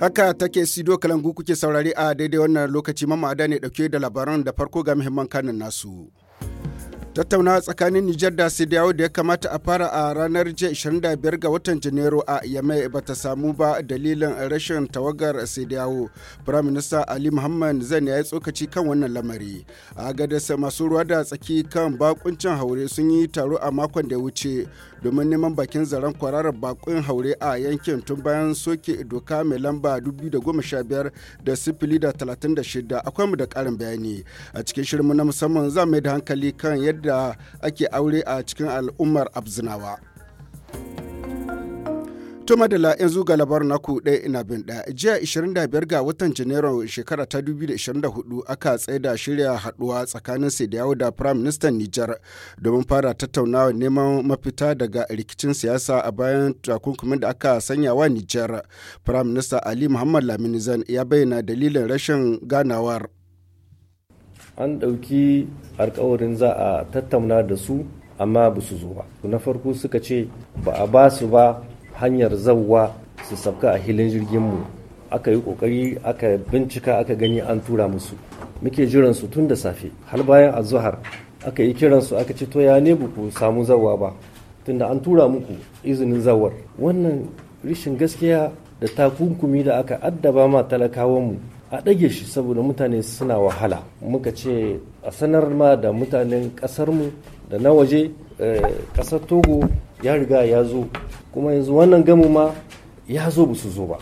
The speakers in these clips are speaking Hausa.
Haka take Sido Kalangu kuke saurari a daidai wannan lokaci ada ne dauke da labaran da farko ga muhimman kanin nasu. tattauna tsakanin Nijar da Sidiyawo da ya kamata a fara a ranar 25 ga watan Janairu a Yamai ba ta samu ba dalilin rashin tawagar Sidiyawo. Prime Minister Ali Muhammad Zan ya yi tsokaci kan wannan lamari. A gadas masu ruwa da tsaki kan bakuncin haure sun yi taro a makon da ya wuce domin neman bakin zaren kwararar bakun haure a yankin tun bayan soke doka mai lamba 2015 da sifili da 36 akwai mu da karin bayani. A cikin shirin na musamman za mai da hankali kan yadda da ake aure a cikin al'ummar abzinawa. To madala yanzu ga labarin naku ɗaya ina bin ɗaya. Jiya 25 ga watan Janairun shekara ta 2024 aka tsaida shirya haɗuwa tsakanin sai da Prime Minister Nijar domin fara tattaunawa neman mafita daga rikicin siyasa a bayan takunkumin da aka sanya wa Nijar. Prime Minister Ali Muhammad zan ya bayyana dalilin rashin ganawar. an ɗauki alkawarin za a tattauna da su amma ba su zo ba na farko suka ce ba a ba su ba hanyar zauwa su sabka a hilin jirgin mu aka yi kokari aka bincika aka gani an tura musu muke jiran su tun da safe har bayan azuhar aka yi kiran su aka ce to ya ne ku samu zawa ba tunda an tura muku izinin zawar wannan rishin gaskiya da takunkumi da aka addaba ma talakawan mu. a ɗage shi saboda mutane suna wahala muka ce a sanar ma da mutanen ƙasarmu da na waje eh, ƙasar togo ya riga ya zo kuma yanzu wannan gamu ma ya zo ba su zo ba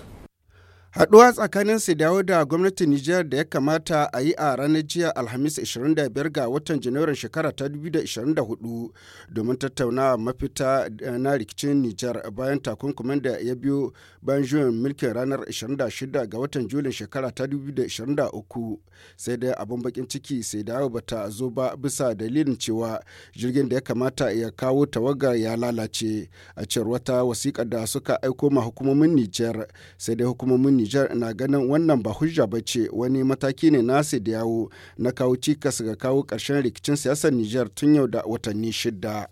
Haɗuwa tsakanin su dawo da gwamnatin Nijar da ya kamata a yi a ranar jiya Alhamis 25 ga watan Janairun shekara ta 2024 domin tattaunawa mafita eh, na rikicin Nijar bayan takunkumin da ya biyo bayan juyin mulkin ranar 26 ga watan Julin shekara ta 2023 sai da abin bakin ciki sai dawo bata zo ba bisa dalilin cewa jirgin da ya kamata ya kawo tawagar ya lalace a cewar wata wasiƙa da suka aiko ma hukumomin Nijar sai da hukumomin Nijar na ganin wannan ba hujja ba ce wani mataki ne nasi da yawo na kawo cikas ga kawo ƙarshen rikicin siyasar Nijar tun yau da watanni shidda.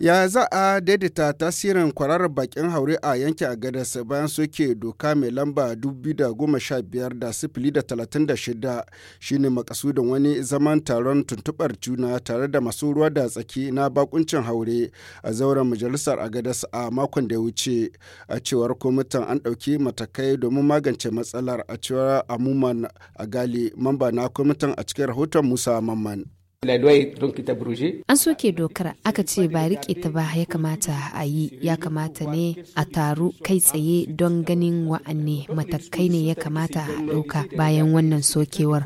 Ya za a daidaita tasirin kwararar bakin haure a yankin Agadas bayan soke doka mai lamba 2015 da sifili da 36 shine makasudin wani zaman taron tuntubar juna tare da masu ruwa da tsaki na bakuncin haure a zauren majalisar Agadas a makon da ya wuce. A cewar kwamitan an ɗauki matakai domin magance matsalar a cewar Amuman gali mamba na kwamitan a cikin rahoton Musa Mamman. An soke dokar aka ce ba riƙe ta ba ya kamata a yi ya kamata ne a taru kai tsaye don ganin wa'anne matakai ne ya kamata a ɗauka bayan wannan sokewar.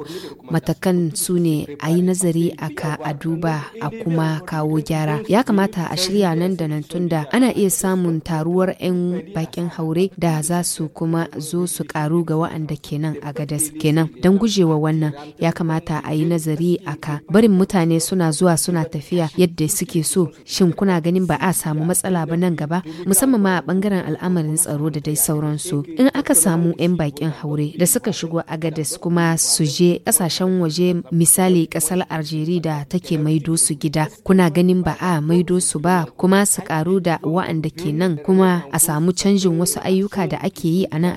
Matakan su ne a yi nazari a ka a duba a kuma kawo gyara. Ya kamata a shirya nan da nan tunda ana iya samun taruwar 'yan bakin haure da za su kuma zo su karu ga wa'anda kenan a gadas kenan. Don gujewa wannan ya kamata a yi nazari aka barin mutane suna zuwa suna tafiya yadda suke so shin kuna ganin ba a samu matsala ba nan gaba musamman ma a bangaren al'amarin tsaro da dai sauransu in aka samu 'yan bakin haure da suka shigo agadas kuma su je kasashen waje misali kasar algeria da take maido su gida kuna ganin ba a maido su ba kuma su karu da wa'anda ke nan kuma a samu canjin wasu ayyuka da ake yi a nan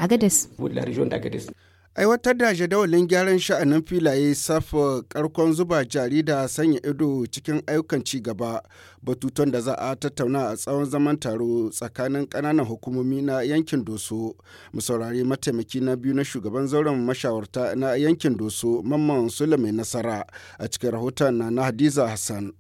Aiwatar da jadawalin gyaran sha'anin filaye safa karkon zuba jari da sanya ido cikin ayyukan ci gaba batutan da za a tattauna a tsawon zaman taro tsakanin ƙananan hukumomi na yankin doso musaurari mataimaki na biyu na shugaban zauren mashawarta na yankin doso mamman sule mai nasara a cikin rahoton na hadiza hassan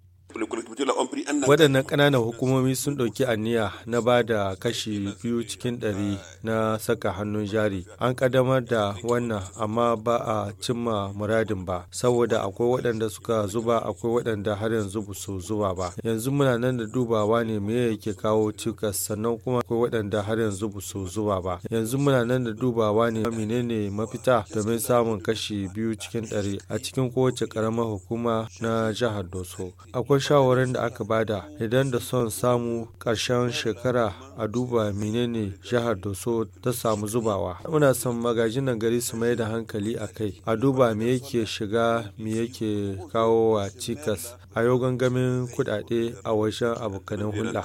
waɗannan ƙananan hukumomi sun ɗauki aniya na ba da kashi biyu cikin ɗari na saka hannun jari an ƙaddamar da wannan amma ba a cimma muradin ba saboda akwai waɗanda suka zuba akwai waɗanda har yanzu ba su zuba ba yanzu muna nan da dubawa ne me yake kawo cikas sannan kuma akwai waɗanda har yanzu ba su zuba ba yanzu muna nan da dubawa ne menene mafita domin samun kashi biyu cikin ɗari a cikin kowace ƙaramar hukuma na jihar doso akwai shawarar da aka ba da idan da son samu ƙarshen shekara a duba menene jihar doso ta samu zubawa muna son nan gari su mai da hankali a kai a duba me yake shiga me yake kawo wa cikas a yau gangamin kudade a wajen abokanin hulɗa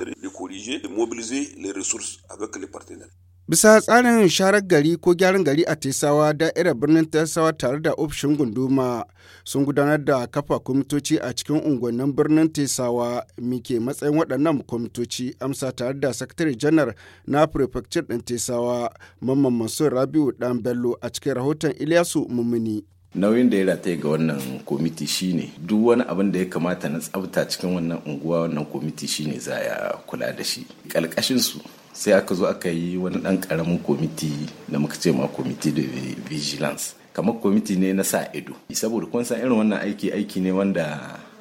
Bisa tsarin sharar gari ko gyaran gari a Tesawa da'irar birnin Tesawa tare da ofishin gunduma sun gudanar da kafa kwamitoci a cikin unguwannin birnin Tesawa muke matsayin waɗannan kwamitoci amsa tare da sakatare janar na prefecture ɗin Tesawa Mamman Mansur Rabiu Dan Bello a cikin rahoton Ilyasu Mumuni. nauyin da ya rataye ga wannan kwamiti shine duk wani abin da ya kamata na tsabta cikin wannan unguwa wannan kwamiti shine za ya kula da shi su. sai aka zo aka yi wani dan karamin komiti da muka ce ma komiti da vigilance kamar komiti ne na sa ido saboda kun san irin wannan aiki aiki ne wanda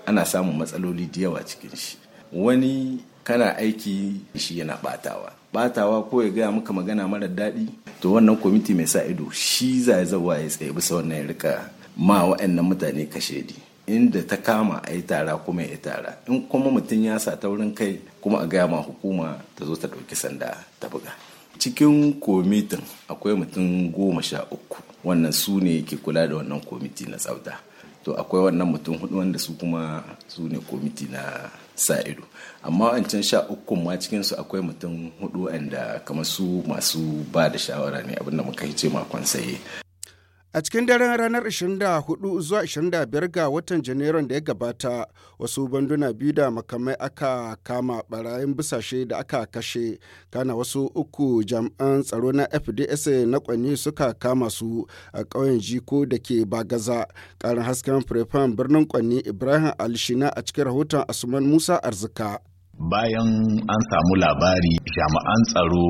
ana samun matsaloli da yawa cikin shi wani kana aiki shi yana batawa batawa ko ya gaya maka magana mara daɗi to wannan komiti mai sa ido shi za ya zawa ya tsaye bisa wannan ya rika ma wa'annan mutane kashedi inda ta kama a yi tara kuma ya tara in kuma mutum ya sa taurin kai kuma a gaya ma hukuma ta zo ta ɗauki sanda ta buga cikin komitin akwai mutum goma sha uku wannan su ne ke kula da wannan komiti na tsafta to akwai wannan mutum hudu wanda su kuma su ne komiti na sa ido amma wancan sha uku ma cikin su akwai mutum hudu wanda kamar su masu ba da shawara ne abinda muka yi ce makon saye A cikin daren ranar 24 zuwa 25 ga watan Janairun da ya gabata, wasu banduna biyu da makamai aka kama barayin busashe da aka kashe, kana wasu uku jami'an tsaro na FDS na kwanye suka kama su a ƙauyen Jiko da ke Bagaza. Ƙarin hasken firfan birnin kwanni Ibrahim Alshina a cikin rahoton Asuman Musa Arzika. bayan an samu labari jami'an tsaro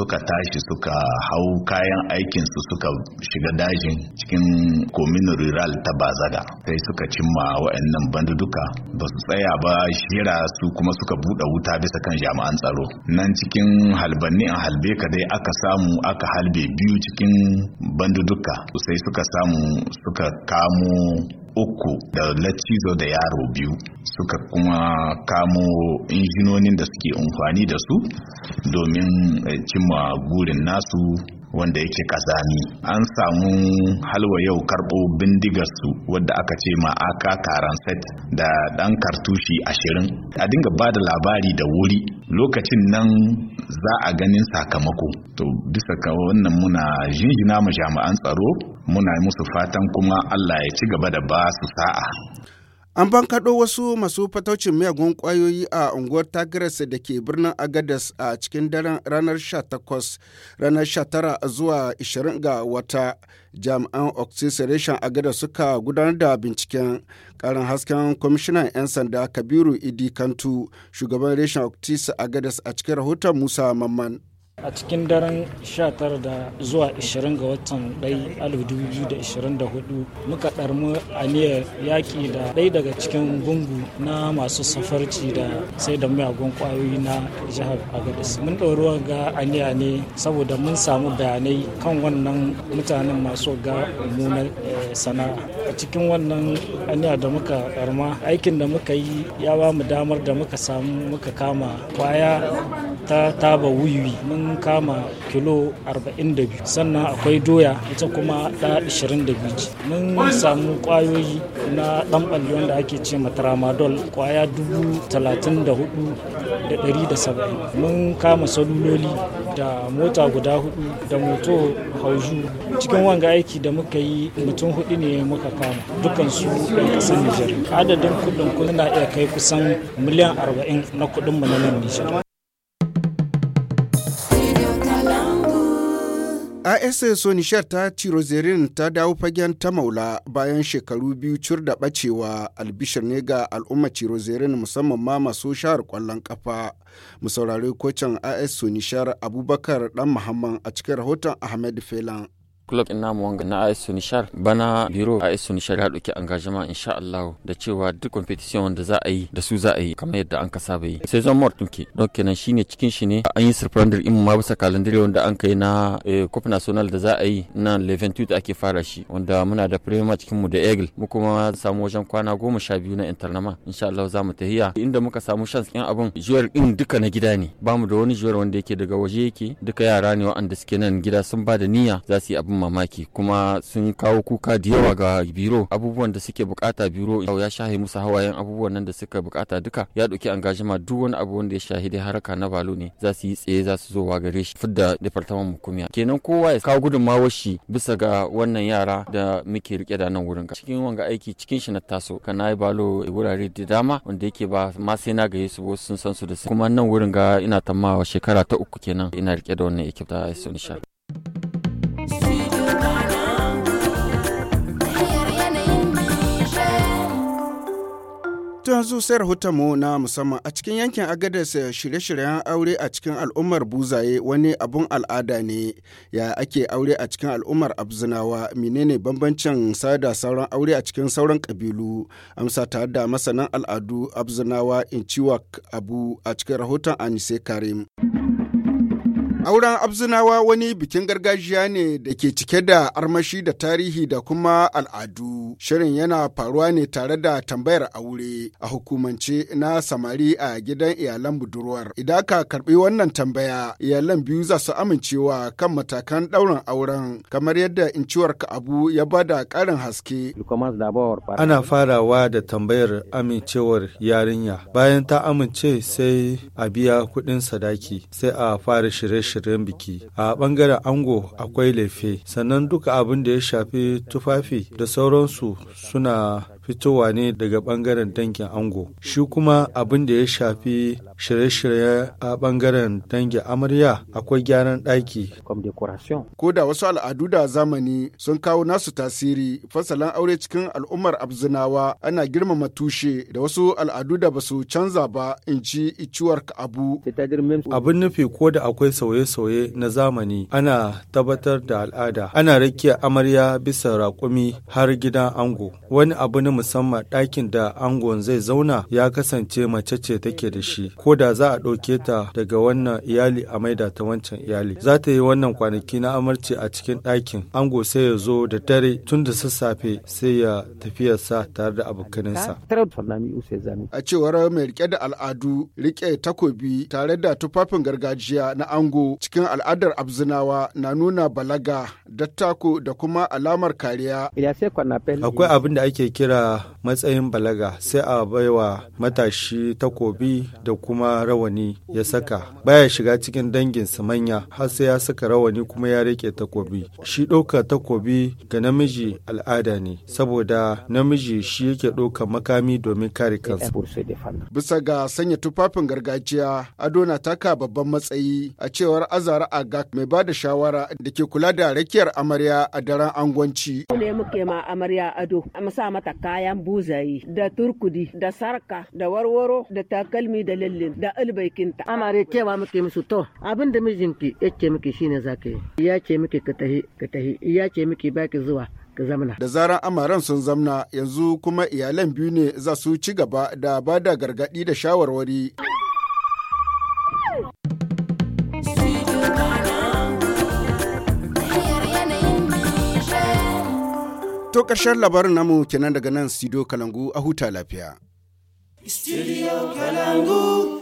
suka tashi suka hau kayan aikinsu suka shiga dajin cikin komin rural ta bazaga sai suka cimma wa'annan banduduka ba su tsaya ba shira su kuma suka buɗe wuta bisa kan jami'an tsaro nan cikin halbanni a halbe ka aka samu aka halbe biyu cikin banduduka sai suka samu suka kamo uku da latizo da yaro biyu suka kuma kamo injinonin da suke amfani da su domin eh, cimma gurin nasu wanda yake kazani an samu halwa yau karɓo su, wadda aka ce ma aka karan set da ɗan kartushi ashirin a dinga ba da labari da wuri lokacin nan za a ganin sakamako to bisa ka wannan muna jinjina ma jami'an tsaro muna musu fatan kuma Allah ya ci gaba da ba su sa'a. An bankaɗo wasu masu fataucin miyagun ƙwayoyi a unguwar Tigres da ke birnin Agadas a cikin daren ranar 18 ranar 19 zuwa 20 ga wata jami'an Oxyseration Agadas suka gudanar da binciken ƙarin hasken kwamishinan 'yan sanda Kabiru Idi Kantu shugaban reshen Oxys Agadas a cikin rahoton Musa Mamman. a cikin daren 19 da zuwa 20 ga watan 2024 muka ɗarmu aniyar yaƙi da ɗaya daga cikin gungu na masu safarci da sai da miyagun ƙwayoyi na jihar agadis mun ɗoruwa ga aniya ne saboda mun samu bayanai kan wannan mutanen masu ga mummunar eh, sana'a a cikin wannan hanya da muka karma aikin da muka yi ya ba mu damar da muka samu muka kama kwaya ta taba wiwi mun kama kilo 42 sannan akwai doya ita kuma da 22 mun samu kwayoyi na dan da ake ce matramadol kwaya 34 170 mun kama saluloli da mota guda hudu da moto hauju cikin wanga aiki da muka yi mutum hudu ne muka kama dukkan su ɗan ƙasar nijar adadin kuɗin na iya kai kusan miliyan 40 na kuɗin mu na nan nijar so Sonishar ta ciro zirin ta dawo fagen ta maula bayan shekaru biyu cur da bacewa albishir ne ga al'umma ciro zirin musamman ma masu shahar kwallon kafa. Mu saurari kocin AS Nishar Abubakar Dan Muhammad a cikin rahoton Ahmed Felan. club in namu wanga na AS Sunishar bana biro AS Sunishar ya dauki engagement insha Allah da cewa duk competition wanda za a yi da su za a yi kamar yadda an ka bai yi saison mort muke don kenan shine cikin shi ne an yi surprender in ma bisa calendar wanda an kai na eh, Cup National da za a yi na Leventud ake fara shi wanda muna da premier cikin mu da Eagle mu kuma samu wajen kwana goma sha biyu na Internama insha Allah za mu tahiya inda muka samu chance kin abin juyar in duka na gida ne bamu da wani juyar wanda yake daga waje yake duka yara ne wa'anda suke nan gida sun ba da niyya za su yi abin abin mamaki kuma sun kawo kuka da yawa ga biro abubuwan da suke bukata biro ya shahe musu hawayen abubuwan nan da suka bukata duka ya dauki angajima duk wani abu wanda ya shahi dai haraka na balo ne za su yi tsaye za su zo wa gare shi fidda departamen hukumiya kenan kowa ya kawo gudunmawar shi bisa ga wannan yara da muke rike da nan wurin cikin wanga aiki cikin shi na taso kana yi balo wurare da dama wanda yake ba ma sai na gaye su sun san su da kuma nan wurin ga ina tamawa shekara ta uku kenan ina rike da wannan ekip ta sha Tun hanzu sai mu na musamman a cikin yankin agadarsa shirye-shiryen aure a cikin al'ummar buzaye wani abun al'ada ne ya ake aure a cikin al'ummar abzinawa menene bambancin sada sauran aure a cikin sauran kabilu amsa tare da masanan al'adu abzinawa inciwak abu a cikin rahoton Anise Karim. Auren Abzunawa wani bikin gargajiya ne da ke cike da armashi da tarihi da kuma al'adu. Shirin yana faruwa ne tare da tambayar aure a hukumance na samari a gidan iyalan budurwar. Idan ka karbi wannan tambaya, iyalan biyu za su amincewa kan matakan ɗaurin auren kamar yadda inciwar ka abu ya bada ƙarin haske. Ana farawa da tambayar amincewar yarinya. Bayan ta amince sai a biya kuɗin sadaki, sai a fara shirye shirye biki a bangaren ango akwai lefe sannan duka abin da ya shafi tufafi da sauransu suna fitowa ne daga bangaren dangin ango. Shi kuma abin da ya shafi shirye-shirye a ɓangaren dangin amarya akwai gyaran ɗaki. Ko da wasu al'adu da zamani sun kawo nasu tasiri fasalan aure cikin al'ummar abzinawa ana girmama tushe da wasu al'adu da basu canza ba in ci iciwar abu. Abin nufi ko da akwai sauye-sauye na zamani ana tabbatar da al'ada ana rakiya amarya bisa raƙumi har gidan ango wani abu na musamman ɗakin da angon zai zauna ya kasance mace ce take da shi ko da za a ɗauke ta daga wannan iyali a maida ta wancan iyali za ta yi wannan kwanaki na amarci a cikin ɗakin ango sai ya zo da dare tun da sassafe sai ya tafiyarsa tare da abokaninsa a cewar mai rike da al'adu rike takobi tare da tufafin gargajiya na ango cikin al'adar abzinawa na nuna balaga dattako da kuma alamar kariya akwai abin da ake kira a matsayin balaga sai a baiwa matashi takobi da kuma rawani ya saka baya shiga cikin danginsa manya har sai ya saka rawani kuma ya rike takobi shi ɗauka takobi ga namiji al'ada ne saboda namiji shi yake ɗauka makami domin kare kansa bisa ga sanya tufafin gargajiya ado na taka babban matsayi a cewar azara aga mai ba da shawara da ke kula da rakiyar amarya a daren angwanci. Ne muke ma amarya ado, a mata kayan buzayi da turkudi da sarka da warwaro da takalmi da lallin da albaikinta amare cewa muke musu to abin da mijinki yake miki shine zaka yi ya ce miki ka tahi ka tahi ya ce miki baki zuwa ka zamana. Da zaran amaran sun zamna yanzu kuma iyalan biyu ne za su ci gaba da bada gargadi da shawarwari. karshen labarin namu kenan daga nan Sido Kalangu a huta lafiya. Studio Kalangu.